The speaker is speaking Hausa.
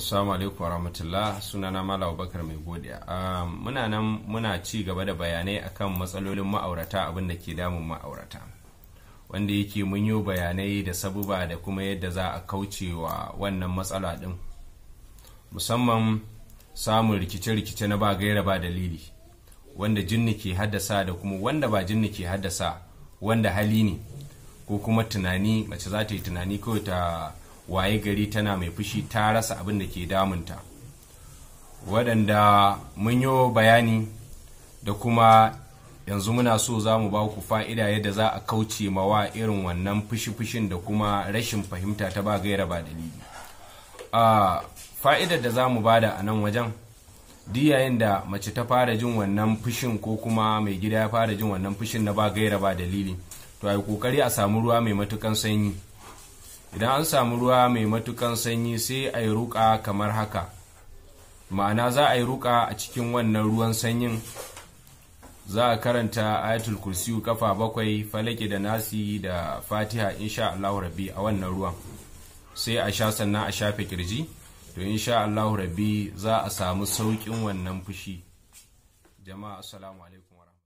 Assalamu alaikum warahmatullah sunana Malam Abubakar mai godiya. Ah, muna nan muna ci gaba da bayanai akan matsalolin ma'aurata abin da ke damun ma'aurata. Wanda yake mun yi bayanai da sabuba da kuma yadda za a kauce wa wannan matsala din. Musamman samun rikice-rikice na ba gaira ba dalili. Wanda jinni ke haddasa da kuma wanda ba jinni ke haddasa wanda hali ne ko kuma tunani mace za ta yi tunani kawai ta waye gari tana mai fushi ta rasa abin da ke damunta waɗanda mun yi bayani da kuma yanzu muna so za mu ba ku fa'ida yadda za a kauce mawa irin wannan fushi-fushin da kuma rashin fahimta ta ba gaira ba dalili a fa'idar da za mu ba da a nan wajen duk yayin da mace ta fara jin wannan fushin ko kuma mai gida ya fara jin wannan fushin na ba gaira ba dalili to a yi kokari a samu ruwa mai matukan sanyi idan an samu ruwa mai matukan sanyi sai a yi ruka kamar haka ma'ana za a yi ruka a cikin wannan ruwan sanyin za a karanta ayatul kursiyu kafa bakwai falake da nasi da fatiha insha allahu rabbi a wannan ruwan sai a sha sannan a shafe kirji to insha allahu rabbi za a samu sauƙin wannan fushi jama'a assalamu alaikum